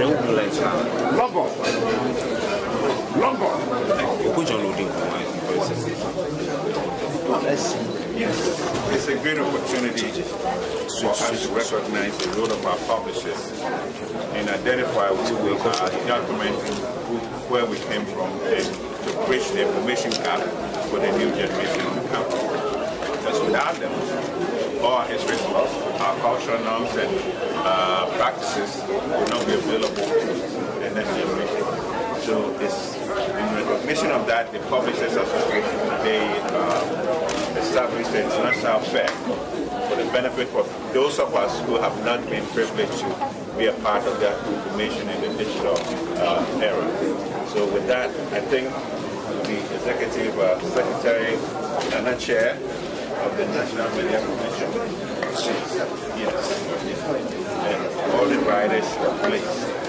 they won't be like log You put your loading Let's see. Yes. It's a great opportunity for us to recognize the role of our publishers and identify who we are, document who, where we came from, and to bridge the information gap for the new generation to come. Because without them, all our history Our cultural norms and uh, practices will not be available to the next generation. So it's in recognition of that, the Publishers Association today uh, established the International Fair for the benefit of those of us who have not been privileged to be a part of that information in the digital uh, era. So with that, I think the Executive uh, Secretary and the Chair of the National Media Commission Yes. And all the writers are